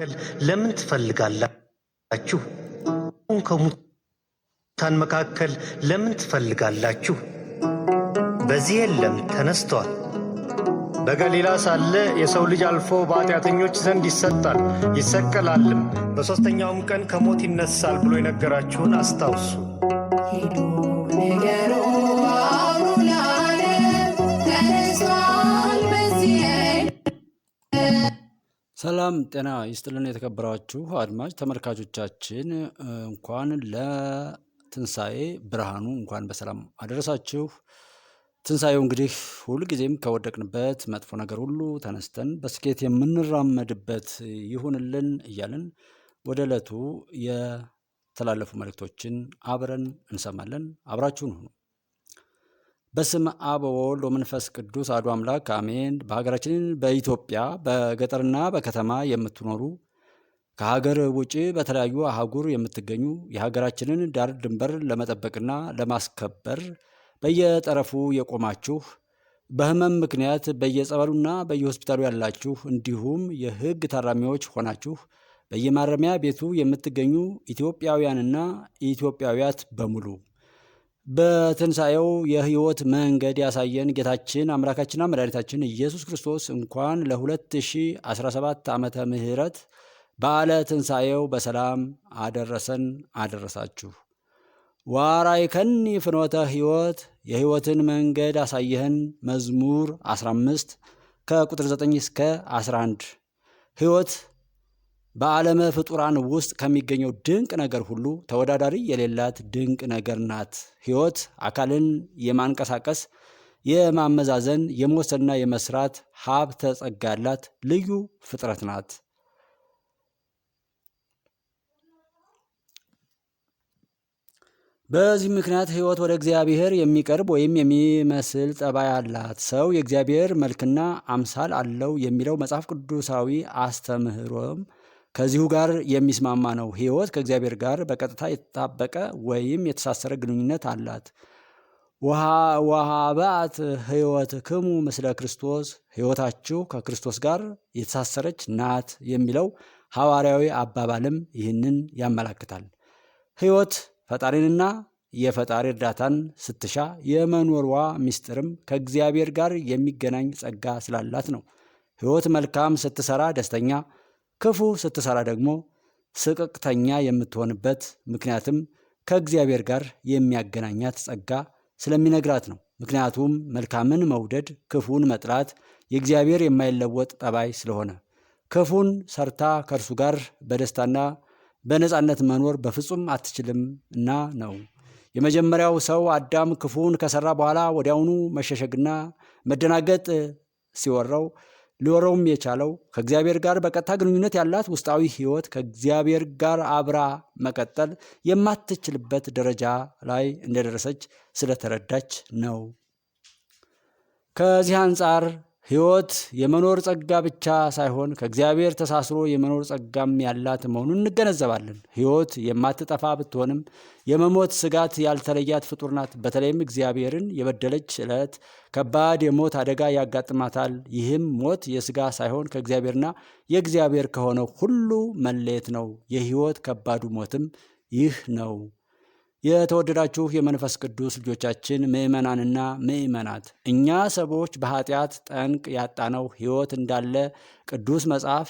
መካከል ለምን ትፈልጋላችሁ? ከሙታን መካከል ለምን ትፈልጋላችሁ? በዚህ የለም ተነስተዋል። በገሊላ ሳለ የሰው ልጅ አልፎ በኃጢአተኞች ዘንድ ይሰጣል ይሰቀላልም፣ በሦስተኛውም ቀን ከሞት ይነሳል ብሎ የነገራችሁን አስታውሱ። ሰላም ጤና ይስጥልን የተከበራችሁ አድማጭ ተመልካቾቻችን እንኳን ለትንሣኤ ብርሃኑ እንኳን በሰላም አደረሳችሁ። ትንሣኤው እንግዲህ ሁልጊዜም ከወደቅንበት መጥፎ ነገር ሁሉ ተነስተን በስኬት የምንራመድበት ይሁንልን እያልን ወደ ዕለቱ የተላለፉ መልእክቶችን አብረን እንሰማለን። አብራችሁን ሁኑ። በስም አብ ወወልድ ወመንፈስ ቅዱስ አዱ አምላክ አሜን። በሀገራችን በኢትዮጵያ በገጠርና በከተማ የምትኖሩ ከሀገር ውጭ በተለያዩ አህጉር የምትገኙ የሀገራችንን ዳር ድንበር ለመጠበቅና ለማስከበር በየጠረፉ የቆማችሁ በህመም ምክንያት በየጸበሉና በየሆስፒታሉ ያላችሁ እንዲሁም የህግ ታራሚዎች ሆናችሁ በየማረሚያ ቤቱ የምትገኙ ኢትዮጵያውያንና ኢትዮጵያውያት በሙሉ በትንሣኤው የሕይወት መንገድ ያሳየን ጌታችን አምላካችንና መድኃኒታችን ኢየሱስ ክርስቶስ እንኳን ለ2017 ዓመተ ምሕረት በዓለ ትንሣኤው በሰላም አደረሰን አደረሳችሁ። ዋራይከኒ ፍኖተ ሕይወት የሕይወትን መንገድ አሳየህን መዝሙር 15 ከቁጥር 9 እስከ 11 ሕይወት በዓለመ ፍጡራን ውስጥ ከሚገኘው ድንቅ ነገር ሁሉ ተወዳዳሪ የሌላት ድንቅ ነገር ናት ሕይወት። አካልን የማንቀሳቀስ የማመዛዘን፣ የመወሰንና የመስራት ሀብተ ጸጋ ያላት ልዩ ፍጥረት ናት። በዚህ ምክንያት ሕይወት ወደ እግዚአብሔር የሚቀርብ ወይም የሚመስል ጠባይ አላት። ሰው የእግዚአብሔር መልክና አምሳል አለው የሚለው መጽሐፍ ቅዱሳዊ አስተምህሮም ከዚሁ ጋር የሚስማማ ነው። ሕይወት ከእግዚአብሔር ጋር በቀጥታ የተጣበቀ ወይም የተሳሰረ ግንኙነት አላት። ወሀባት ክሙ ምስለ ክርስቶስ፣ ሕይወታችሁ ከክርስቶስ ጋር የተሳሰረች ናት የሚለው ሐዋርያዊ አባባልም ይህንን ያመላክታል። ሕይወት ፈጣሪንና የፈጣሪ እርዳታን ስትሻ የመኖርዋ ምስጢርም ከእግዚአብሔር ጋር የሚገናኝ ጸጋ ስላላት ነው። ሕይወት መልካም ስትሰራ ደስተኛ ክፉ ስትሰራ ደግሞ ስቅቅተኛ የምትሆንበት ምክንያትም ከእግዚአብሔር ጋር የሚያገናኛት ጸጋ ስለሚነግራት ነው። ምክንያቱም መልካምን መውደድ፣ ክፉን መጥላት የእግዚአብሔር የማይለወጥ ጠባይ ስለሆነ ክፉን ሰርታ ከእርሱ ጋር በደስታና በነፃነት መኖር በፍጹም አትችልም እና ነው። የመጀመሪያው ሰው አዳም ክፉን ከሰራ በኋላ ወዲያውኑ መሸሸግና መደናገጥ ሲወራው ሊኖረውም የቻለው ከእግዚአብሔር ጋር በቀጥታ ግንኙነት ያላት ውስጣዊ ህይወት ከእግዚአብሔር ጋር አብራ መቀጠል የማትችልበት ደረጃ ላይ እንደደረሰች ስለተረዳች ነው። ከዚህ አንጻር ሕይወት የመኖር ጸጋ ብቻ ሳይሆን ከእግዚአብሔር ተሳስሮ የመኖር ጸጋም ያላት መሆኑን እንገነዘባለን። ሕይወት የማትጠፋ ብትሆንም የመሞት ስጋት ያልተለያት ፍጡር ናት። በተለይም እግዚአብሔርን የበደለች ዕለት ከባድ የሞት አደጋ ያጋጥማታል። ይህም ሞት የስጋ ሳይሆን ከእግዚአብሔርና የእግዚአብሔር ከሆነ ሁሉ መለየት ነው። የሕይወት ከባዱ ሞትም ይህ ነው። የተወደዳችሁ የመንፈስ ቅዱስ ልጆቻችን ምዕመናንና ምዕመናት፣ እኛ ሰዎች በኃጢአት ጠንቅ ያጣነው ሕይወት እንዳለ ቅዱስ መጽሐፍ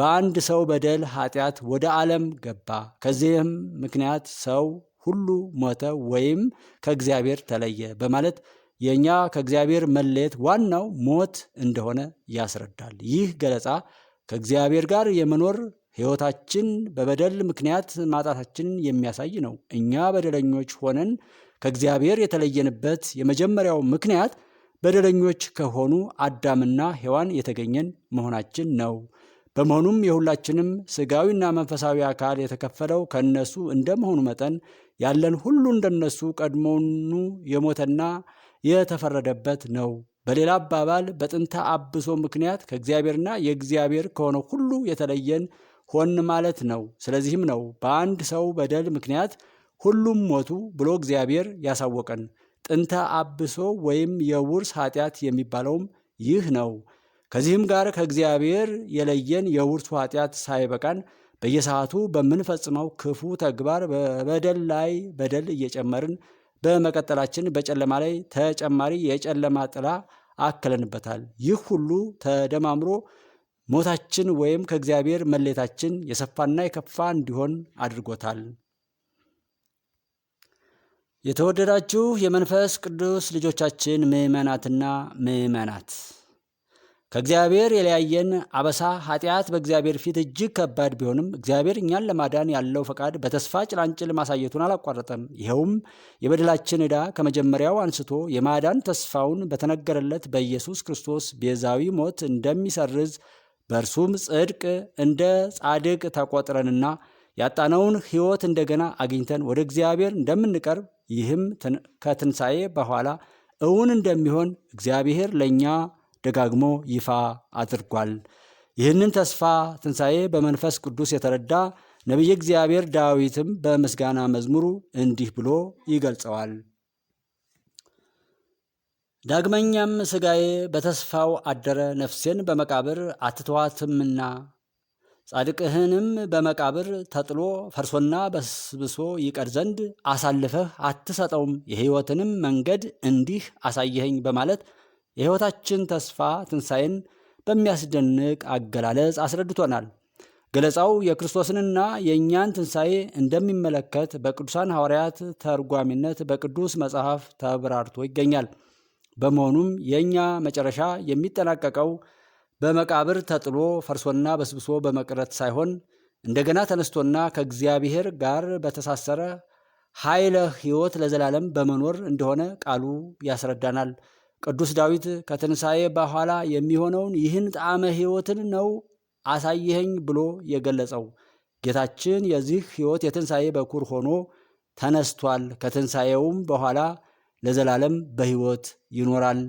በአንድ ሰው በደል ኃጢአት ወደ ዓለም ገባ፣ ከዚህም ምክንያት ሰው ሁሉ ሞተ ወይም ከእግዚአብሔር ተለየ በማለት የእኛ ከእግዚአብሔር መለየት ዋናው ሞት እንደሆነ ያስረዳል። ይህ ገለጻ ከእግዚአብሔር ጋር የመኖር ሕይወታችን በበደል ምክንያት ማጣታችንን የሚያሳይ ነው። እኛ በደለኞች ሆነን ከእግዚአብሔር የተለየንበት የመጀመሪያው ምክንያት በደለኞች ከሆኑ አዳምና ሔዋን የተገኘን መሆናችን ነው። በመሆኑም የሁላችንም ሥጋዊና መንፈሳዊ አካል የተከፈለው ከእነሱ እንደመሆኑ መጠን ያለን ሁሉ እንደነሱ ቀድሞኑ የሞተና የተፈረደበት ነው። በሌላ አባባል በጥንተ አብሶ ምክንያት ከእግዚአብሔርና የእግዚአብሔር ከሆነ ሁሉ የተለየን ሆን ማለት ነው። ስለዚህም ነው በአንድ ሰው በደል ምክንያት ሁሉም ሞቱ ብሎ እግዚአብሔር ያሳወቀን። ጥንተ አብሶ ወይም የውርስ ኃጢአት የሚባለውም ይህ ነው። ከዚህም ጋር ከእግዚአብሔር የለየን የውርሱ ኃጢአት ሳይበቃን በየሰዓቱ በምንፈጽመው ክፉ ተግባር በበደል ላይ በደል እየጨመርን በመቀጠላችን በጨለማ ላይ ተጨማሪ የጨለማ ጥላ አክለንበታል። ይህ ሁሉ ተደማምሮ ሞታችን ወይም ከእግዚአብሔር መለየታችን የሰፋና የከፋ እንዲሆን አድርጎታል። የተወደዳችሁ የመንፈስ ቅዱስ ልጆቻችን ምዕመናትና ምዕመናት ከእግዚአብሔር የለያየን አበሳ ኃጢአት በእግዚአብሔር ፊት እጅግ ከባድ ቢሆንም እግዚአብሔር እኛን ለማዳን ያለው ፈቃድ በተስፋ ጭላንጭል ማሳየቱን አላቋረጠም። ይኸውም የበደላችን ዕዳ ከመጀመሪያው አንስቶ የማዳን ተስፋውን በተነገረለት በኢየሱስ ክርስቶስ ቤዛዊ ሞት እንደሚሰርዝ በእርሱም ጽድቅ እንደ ጻድቅ ተቆጥረንና ያጣነውን ሕይወት እንደገና አግኝተን ወደ እግዚአብሔር እንደምንቀርብ ይህም ከትንሣኤ በኋላ እውን እንደሚሆን እግዚአብሔር ለእኛ ደጋግሞ ይፋ አድርጓል። ይህንን ተስፋ ትንሣኤ በመንፈስ ቅዱስ የተረዳ ነቢየ እግዚአብሔር ዳዊትም በምስጋና መዝሙሩ እንዲህ ብሎ ይገልጸዋል። ዳግመኛም ሥጋዬ በተስፋው አደረ፣ ነፍሴን በመቃብር አትተዋትምና ጻድቅህንም በመቃብር ተጥሎ ፈርሶና በስብሶ ይቀር ዘንድ አሳልፈህ አትሰጠውም፣ የሕይወትንም መንገድ እንዲህ አሳየኸኝ በማለት የሕይወታችን ተስፋ ትንሣኤን በሚያስደንቅ አገላለጽ አስረድቶናል። ገለጻው የክርስቶስንና የእኛን ትንሣኤ እንደሚመለከት በቅዱሳን ሐዋርያት ተርጓሚነት በቅዱስ መጽሐፍ ተብራርቶ ይገኛል። በመሆኑም የእኛ መጨረሻ የሚጠናቀቀው በመቃብር ተጥሎ ፈርሶና በስብሶ በመቅረት ሳይሆን እንደገና ተነስቶና ከእግዚአብሔር ጋር በተሳሰረ ኃይለ ሕይወት ለዘላለም በመኖር እንደሆነ ቃሉ ያስረዳናል። ቅዱስ ዳዊት ከትንሣኤ በኋላ የሚሆነውን ይህን ጣዕመ ሕይወትን ነው አሳይኸኝ ብሎ የገለጸው። ጌታችን የዚህ ሕይወት የትንሣኤ በኩር ሆኖ ተነስቷል። ከትንሣኤውም በኋላ ለዘላለም በሕይወት ይኖራል።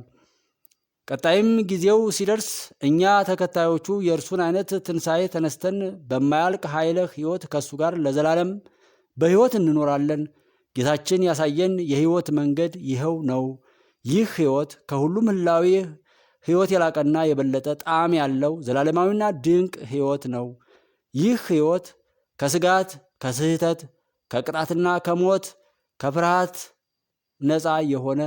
ቀጣይም ጊዜው ሲደርስ እኛ ተከታዮቹ የእርሱን አይነት ትንሣኤ ተነስተን በማያልቅ ኃይለ ሕይወት ከእሱ ጋር ለዘላለም በሕይወት እንኖራለን። ጌታችን ያሳየን የሕይወት መንገድ ይኸው ነው። ይህ ሕይወት ከሁሉም ህላዊ ሕይወት የላቀና የበለጠ ጣዕም ያለው ዘላለማዊና ድንቅ ሕይወት ነው። ይህ ሕይወት ከስጋት፣ ከስህተት፣ ከቅጣትና ከሞት፣ ከፍርሃት ነፃ የሆነ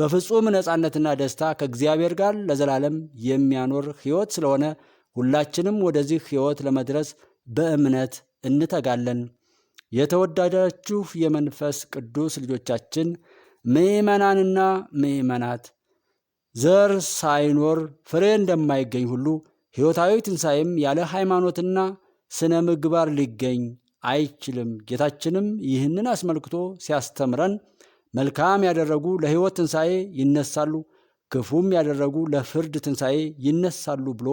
በፍጹም ነፃነትና ደስታ ከእግዚአብሔር ጋር ለዘላለም የሚያኖር ሕይወት ስለሆነ ሁላችንም ወደዚህ ሕይወት ለመድረስ በእምነት እንተጋለን። የተወዳዳችሁ የመንፈስ ቅዱስ ልጆቻችን ምዕመናንና ምዕመናት ዘር ሳይኖር ፍሬ እንደማይገኝ ሁሉ ሕይወታዊ ትንሣኤም ያለ ሃይማኖትና ስነ ምግባር ሊገኝ አይችልም። ጌታችንም ይህንን አስመልክቶ ሲያስተምረን መልካም ያደረጉ ለሕይወት ትንሣኤ ይነሳሉ፣ ክፉም ያደረጉ ለፍርድ ትንሣኤ ይነሳሉ ብሎ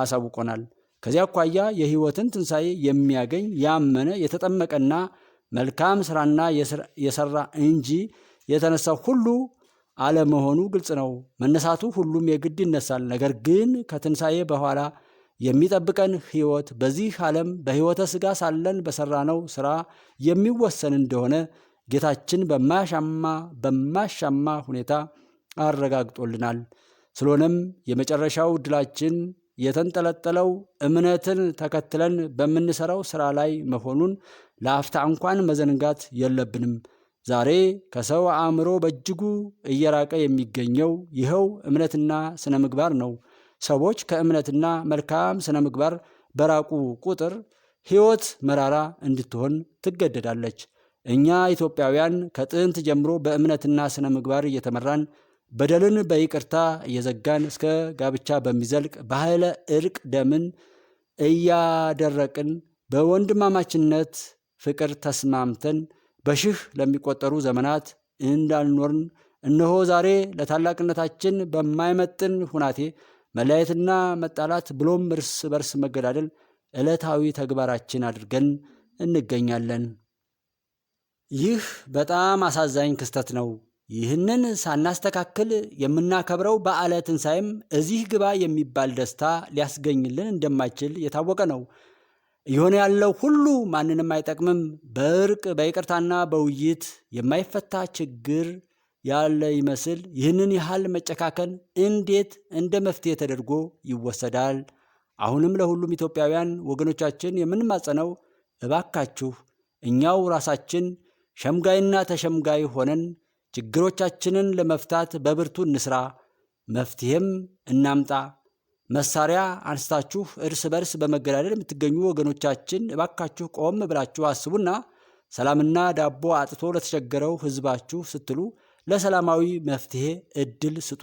አሳውቆናል። ከዚህ አኳያ የሕይወትን ትንሣኤ የሚያገኝ ያመነ የተጠመቀና መልካም ሥራና የሠራ እንጂ የተነሳው ሁሉ አለመሆኑ ግልጽ ነው። መነሳቱ ሁሉም የግድ ይነሳል። ነገር ግን ከትንሣኤ በኋላ የሚጠብቀን ሕይወት በዚህ ዓለም በሕይወተ ሥጋ ሳለን በሠራነው ሥራ የሚወሰን እንደሆነ ጌታችን በማያሻማ በማያሻማ ሁኔታ አረጋግጦልናል። ስለሆነም የመጨረሻው ድላችን የተንጠለጠለው እምነትን ተከትለን በምንሰራው ስራ ላይ መሆኑን ለአፍታ እንኳን መዘንጋት የለብንም። ዛሬ ከሰው አእምሮ በእጅጉ እየራቀ የሚገኘው ይኸው እምነትና ስነ ምግባር ነው። ሰዎች ከእምነትና መልካም ስነ ምግባር በራቁ ቁጥር ሕይወት መራራ እንድትሆን ትገደዳለች። እኛ ኢትዮጵያውያን ከጥንት ጀምሮ በእምነትና ስነ ምግባር እየተመራን በደልን በይቅርታ እየዘጋን እስከ ጋብቻ በሚዘልቅ ባህለ እርቅ ደምን እያደረቅን በወንድማማችነት ፍቅር ተስማምተን በሺህ ለሚቆጠሩ ዘመናት እንዳልኖርን እነሆ ዛሬ ለታላቅነታችን በማይመጥን ሁናቴ መለያየትና መጣላት ብሎም እርስ በርስ መገዳደል ዕለታዊ ተግባራችን አድርገን እንገኛለን። ይህ በጣም አሳዛኝ ክስተት ነው። ይህንን ሳናስተካክል የምናከብረው በዓለ ትንሣኤም እዚህ ግባ የሚባል ደስታ ሊያስገኝልን እንደማይችል የታወቀ ነው። የሆነ ያለው ሁሉ ማንንም አይጠቅምም። በእርቅ በይቅርታና በውይይት የማይፈታ ችግር ያለ ይመስል ይህንን ያህል መጨካከን እንዴት እንደ መፍትሄ ተደርጎ ይወሰዳል? አሁንም ለሁሉም ኢትዮጵያውያን ወገኖቻችን የምንማጸነው እባካችሁ እኛው ራሳችን ሸምጋይና ተሸምጋይ ሆነን ችግሮቻችንን ለመፍታት በብርቱ እንስራ፣ መፍትሄም እናምጣ። መሳሪያ አንስታችሁ እርስ በርስ በመገዳደል የምትገኙ ወገኖቻችን እባካችሁ ቆም ብላችሁ አስቡና ሰላምና ዳቦ አጥቶ ለተቸገረው ሕዝባችሁ ስትሉ ለሰላማዊ መፍትሄ እድል ስጡ።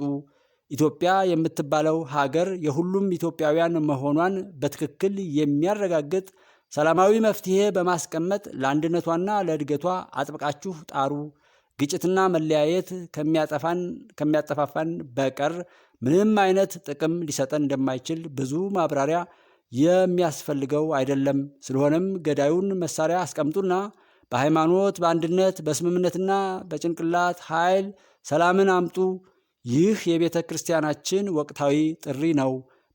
ኢትዮጵያ የምትባለው ሀገር የሁሉም ኢትዮጵያውያን መሆኗን በትክክል የሚያረጋግጥ ሰላማዊ መፍትሔ በማስቀመጥ ለአንድነቷና ለእድገቷ አጥብቃችሁ ጣሩ። ግጭትና መለያየት ከሚያጠፋፋን በቀር ምንም አይነት ጥቅም ሊሰጠን እንደማይችል ብዙ ማብራሪያ የሚያስፈልገው አይደለም። ስለሆነም ገዳዩን መሳሪያ አስቀምጡና በሃይማኖት፣ በአንድነት፣ በስምምነትና በጭንቅላት ኃይል ሰላምን አምጡ። ይህ የቤተ ክርስቲያናችን ወቅታዊ ጥሪ ነው።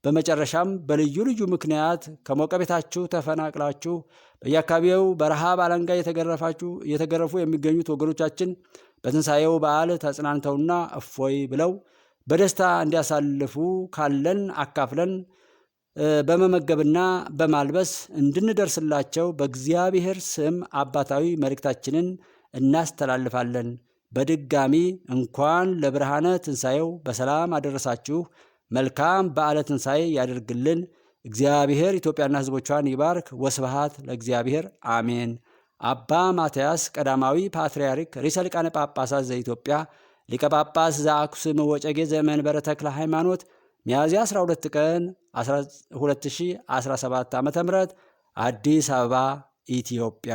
በመጨረሻም በልዩ ልዩ ምክንያት ከሞቀ ቤታችሁ ተፈናቅላችሁ በየአካባቢው በረሃብ አለንጋ የተገረፉ የሚገኙት ወገኖቻችን በትንሣኤው በዓል ተጽናንተውና እፎይ ብለው በደስታ እንዲያሳልፉ ካለን አካፍለን በመመገብና በማልበስ እንድንደርስላቸው በእግዚአብሔር ስም አባታዊ መልእክታችንን እናስተላልፋለን። በድጋሚ እንኳን ለብርሃነ ትንሣኤው በሰላም አደረሳችሁ። መልካም በዓለ ትንሣኤ ያደርግልን። እግዚአብሔር ኢትዮጵያና ሕዝቦቿን ይባርክ። ወስብሃት ለእግዚአብሔር አሜን። አባ ማትያስ ቀዳማዊ ፓትርያርክ ርዕሰ ሊቃነ ጳጳሳት ዘኢትዮጵያ ሊቀ ጳጳስ ዘአክሱም ወጨጌ ዘመን በረተክለ ሃይማኖት ሚያዝያ 12 ቀን 2017 ዓ ም አዲስ አበባ ኢትዮጵያ